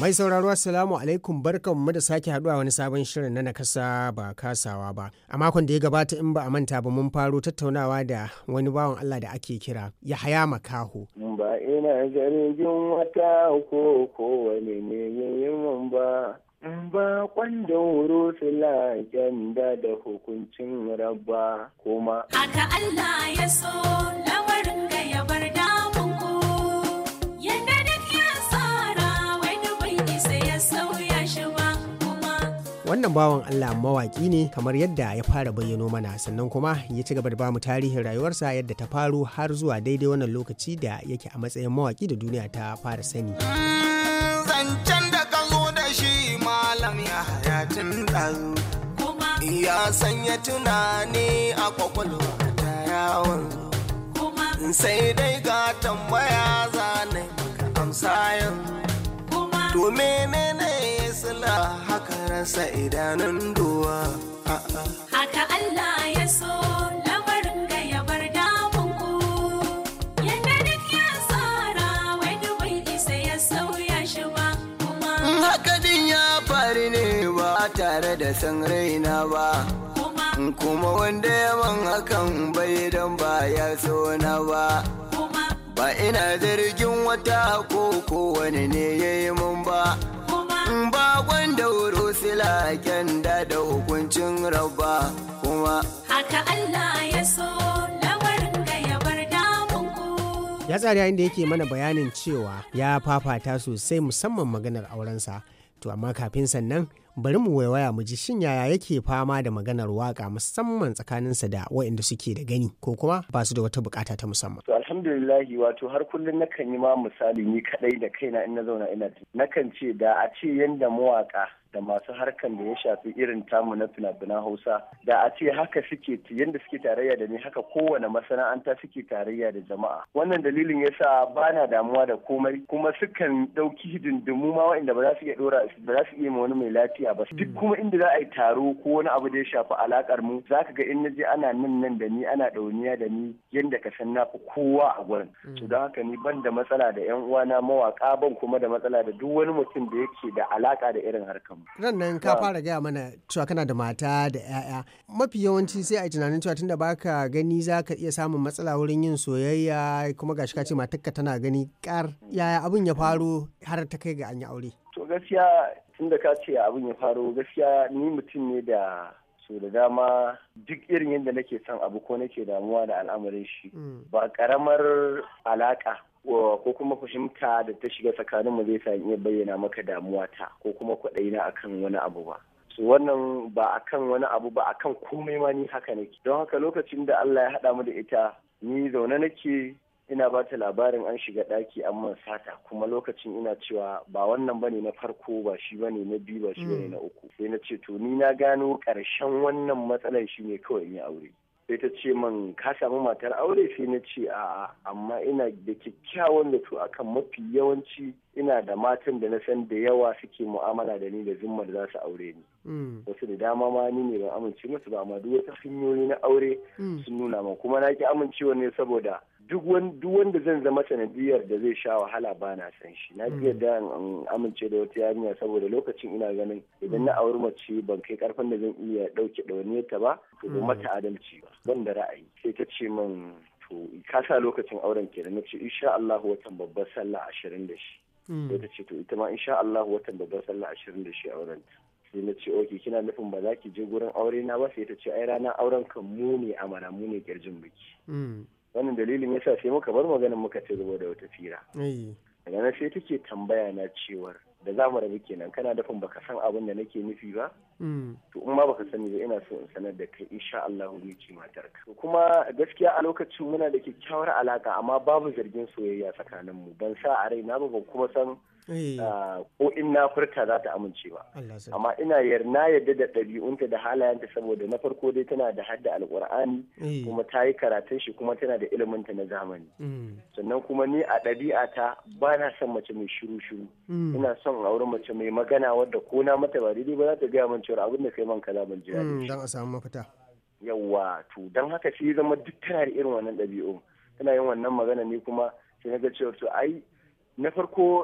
Mai sauraro Assalamu alaikum barkanmu da sake haduwa wani sabon shirin na nakasa ba kasawa ba. A makon da ya gabata in ba a manta ba mun faro tattaunawa da wani bawan Allah da ake kira Yahaya Makaho. Ba ina zargin wata ko kowane ne yin ba. ba kwandon rufila janda da hukuncin rabba kuma. Aka Allah ya so lawarin ga ya bar damu. wannan bawan allah mawaki ne kamar yadda ya fara bayyano mana sannan kuma ya ci gaba da bamu tarihin rayuwarsa yadda ta faru har zuwa daidai wannan lokaci da yake a matsayin mawaki da duniya ta fara sani zancen da ka zo da shi malam ya hayatin ɗazu ya sanya tunani a kwakwalwa ta yawon sai dai gata Sa idanun duwa haka Allah ya so lamarin ga ya bar damun ku yadda duk ya tsara wai dubai isa ya sauya shi ba kuma mm, haka din ya faru ne ba tare da san raina ba kuma mm, wanda ya man hakan bai don ba ya so na ba ba ina zargin wata ko kowane ne ya yi mun ba taken da da hukuncin rabba kuma haka Allah ya so lamarin da ya bar damun ku ya tsari yayin yake mana bayanin cewa ya fafata sosai musamman maganar aurensa to amma kafin sannan bari mu waiwaya mu ji shin yaya yake fama da maganar waka musamman tsakaninsa da waɗanda suke da gani ko kuma ba su da wata bukata ta musamman. To alhamdulillahi wato har kullum nakan yi ma misali ni kadai da kaina in na zauna ina nakan ce da a ce yanda mawaka da masu harkan da ya shafi irin tamu na fina-finan hausa da a ce haka suke yadda suke tarayya da ni haka kowane masana'anta suke tarayya da jama'a wannan dalilin yasa ba na damuwa da komai kuma sukan ɗauki hidindimu ma wa'inda ba za su iya ɗora ba za su iya ma wani mai lafiya ba duk kuma inda za a yi taro ko wani abu da ya shafi alakar mu za ka ga in na je ana nan nan da ni ana ɗauniya da ni yadda ka san na fi kowa a gurin to don haka ni ban da matsala da yan uwana mawaƙa ban kuma da matsala da duk wani mutum da yake da alaƙa da irin harkan samu. Ran nan ka fara gaya mana cewa kana da mata da 'ya'ya. Mafi yawanci sai a yi tunanin cewa tunda baka gani za ka iya samun matsala wurin yin soyayya kuma gashi ka ce matarka tana gani kar yaya abin ya faro har ta kai ga an yi aure. To gaskiya tunda ka ce abin ya faro gaskiya ni mutum ne da so da dama duk irin yadda nake son abu ko nake damuwa da al'amarin shi mm. ba karamar alaka ko kuma fahimta da ta shiga tsakanin mu zai sa iya bayyana maka damuwa ta ko kuma na akan wani abu ba su wannan ba akan wani abu ba akan komai ma ni haka nake don haka lokacin da Allah ya haɗa mu da ita ni zaune nake ina ba ta labarin an shiga ɗaki an man sata kuma lokacin ina cewa ba wannan ba ne na farko ba shi ba ne na biyu ba shi ba ne na mm. uku sai na ce to ni na gano ƙarshen wannan matsalar shi ne kawai yi aure sai ta ce man ka samu matar aure sai na ce a'a amma ina da kyakkyawan da zato akan mafi yawanci ina da matan da na san da yawa suke mu'amala da ni da zimmar da za su aure ni mm. wasu da dama ma ni ne ban amince masu ba amma duk wata hanyoyi na aure mm. sun nuna man kuma na ki amincewa ne saboda duk wanda zan zama sanadiyar da zai sha wahala ba na san shi na fiye mm. da amince da wata yarinya saboda lokacin ina ganin idan na auri mace ban kai karfin da zan iya dauke wani ta ba to mm. mata adalci ba ban da ra'ayi sai ta ce min to ka sa lokacin auren kenan da ce insha Allah watan babbar sallah ashirin da shi mm. sai ta ce to ita ma insha Allah watan babbar sallah ashirin da shi auren sai na ce oke kina nufin ba za ki je gurin aure na ba sai ta ce ai ranar auren kan mu ne amana mu ne kirjin biki wannan dalilin yasa sai muka bar maganin muka ci gaba da wata fira daga nan sai take tambaya na cewar da za mu rabu kenan kana dafin baka san abin da nake nufi ba mm. to in ma baka sani ba ina so in sanar da kai insha Allah mu ci matarka to kuma gaskiya a lokacin muna da kyakkyawar alaka amma babu zargin soyayya tsakanin mu ban sa a raina ba ban kuma san Eh. Ah, ko in na furta za ta amince ba amma ina yarna yadda da ɗabi'unta da halayenta saboda na farko dai tana da hadda alkur'ani eh. kuma ta yi karatun shi kuma tana da iliminta na zamani mm. sannan kuma ni a ɗabi'a ta ba na son mace mai shiru shiru mm. ina son aure mace mai magana wadda ko na mata ba daidai ba za ta gaya min cewa abin da kai man kaza ban jira dan mm, a samu mafita yawa to dan haka sai zama duk tana da irin wannan ɗabi'un tana yin wannan magana ne kuma sai na ga cewa to ai na farko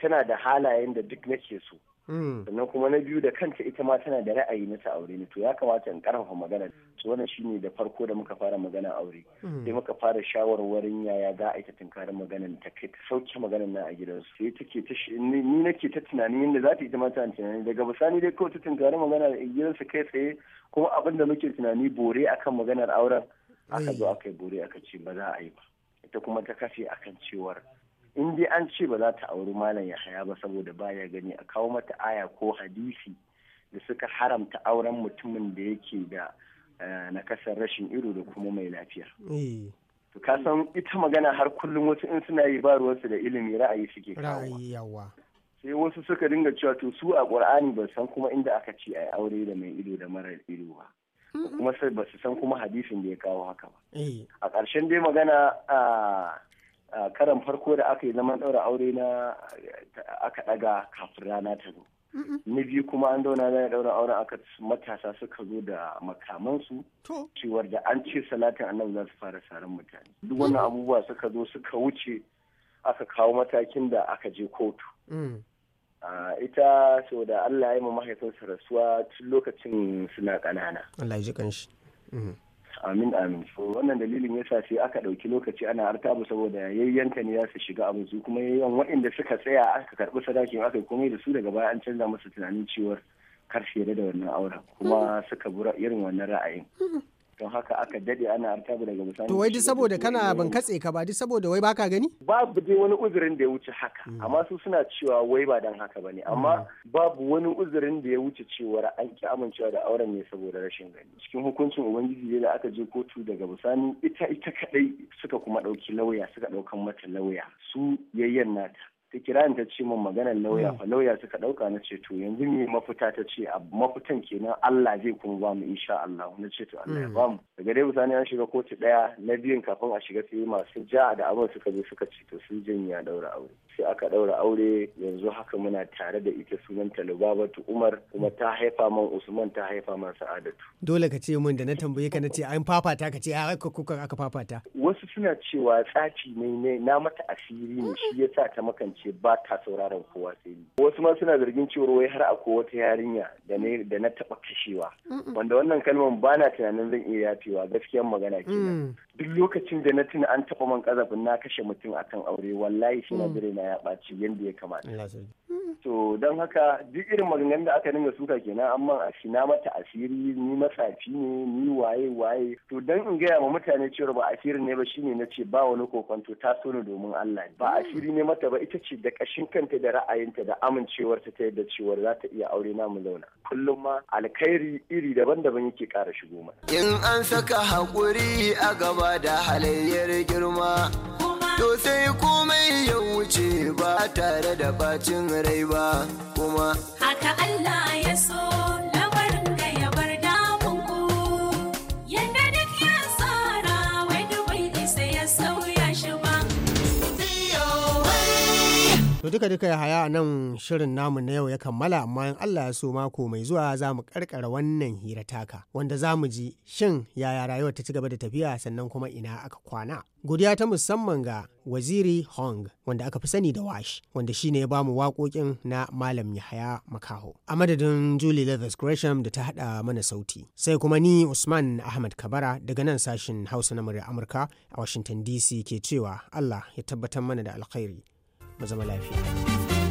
tana da halayen da duk nake so hmm. sannan kuma na biyu da kanta ita ma tana da ra'ayi na ta aure ne to ya kamata in karfafa magana to wannan shine da farko da muka fara magana aure hmm. sai muka fara shawarwarin yaya za a yi ta tunkarin maganan ta kai ta sauke maganan nan a su sai take ta ni nake ta tunanin yadda za ta yi ta tunani daga bisani dai kawai ta tunkarin magana a su kai tsaye kuma abin da muke tunani bore akan maganar auren aka zo aka yi bore aka ce ba za a yi ba ta kuma ta a kan cewar in dai an ce ba za ta auri malam yahaya ba saboda baya gani a kawo mata aya ko hadisi da suka haramta auren mutumin da yake da eh, nakasar rashin ido da kuma mai lafiya. Eh. to ka san ita magana har kullum wasu in suna yi ba ruwansu da ilimi ra'ayi suke kawo sai wasu suka dinga cewa to su a ƙur'ani ba san kuma inda aka ce yi aure da mai ido da marar ido ba kuma sai ba su san kuma hadisin da ya kawo haka ba eh. a ƙarshen dai magana a karan farko da aka yi zaman ɗaura aure na aka ɗaga kafin rana ta zo na biyu kuma an zauna na ɗaura auren aka matasa suka zo da makamansu cewar da an ce salatin annabi za su fara saran mutane duk wannan abubuwa suka zo suka wuce aka kawo matakin da aka je kotu mm. ita so da Allah ya yi mahaifinsa rasuwa tun lokacin suna kanana Allah ya ji kanshi. Mhm. Amin amin. So wannan dalilin yasa sai aka ɗauki lokaci ana artabu saboda yayyanka ne za su shiga abin su kuma yayyan waɗanda suka tsaya aka karɓi sadakin aka yi komai da su daga baya an canza musu tunanin cewar karshe da wannan auren kuma suka bura irin wannan ra'ayin. Mhm. don haka aka dade ana artabu daga misali to wai duk saboda kana ban katse ka ba duk saboda wai baka gani babu dai wani uzurin da ya wuce haka mm. amma su suna cewa wai ba dan haka bane amma mm. babu wani uzurin da ya wuce cewar an ki amincewa da auren ne saboda rashin gani cikin hukuncin ubangiji da aka je kotu daga misali ita ita kadai suka kuma dauki lauya suka daukan mata lauya su yayyan nata ta kira ta ce min maganar lauya hmm. fa lauya suka dauka na ce to yanzu me mafita ta ce mafitan kenan Allah zai kuma ba mu insha Allah na ce to Allah ya hmm. ba mu daga dai bisani an shiga kotu daya na biyun kafin a shiga sai masu ja da abin suka je suka ce to sun janya daura aure sai aka ɗaura aure yanzu haka muna tare da ita sunanta Lubabatu Umar kuma ta haifa man Usman ta haifa man Sa'adatu. Dole ka ce min da na tambaye ka na ce an fafata ka ce a aka kuka aka fafata. Wasu suna cewa tsaci ne ne na mata asiri ne shi yasa ta makance ba ta sauraron kowa sai ni. Wasu ma suna zargin cewa wai har a akwai wata yarinya da da na taɓa kashewa. Wanda wannan kalmar ba na tunanin zan iya yafewa gaskiyan magana kenan. Mm. duk lokacin da na tuna an taɓa man ƙazafin na kashe mutum akan aure wallahi shi na na ya ɓaci yadda ya kamata to don haka duk irin maganganun da aka dinga suka kenan amma a shi na mata asiri ni masafi ne ni waye waye to don in gaya ma mutane cewa ba asiri ne ba shine na ce ba wani kokonto ta so ne domin Allah ba mm. asiri ne mata ba ita ce da kashin kanta da ra'ayinta da amincewarta ta yadda cewa za ta iya aure na mu zauna kullum ma alkhairi iri daban-daban yake kara shigo mana in an saka hakuri a gaba da halayyar girma to sai komai ya wuce ba tare da bacin rai ba duka duka ya haya nan shirin namu na yau ya kammala amma in Allah ya so mako mai zuwa za mu karkara wannan hira taka wanda za mu ji shin yaya rayuwar ta ci gaba da tafiya sannan kuma ina aka kwana. Godiya ta musamman ga Waziri Hong wanda aka fi sani da Wash wanda shine ya bamu waƙoƙin na Malam Yahaya Makaho. A madadin Julie Leathers Gresham da ta haɗa mana sauti. Sai kuma ni Usman Ahmad Kabara daga nan sashin Hausa na murya Amurka a Washington DC ke cewa Allah ya tabbatar mana da alkhairi. mu zama lafiya.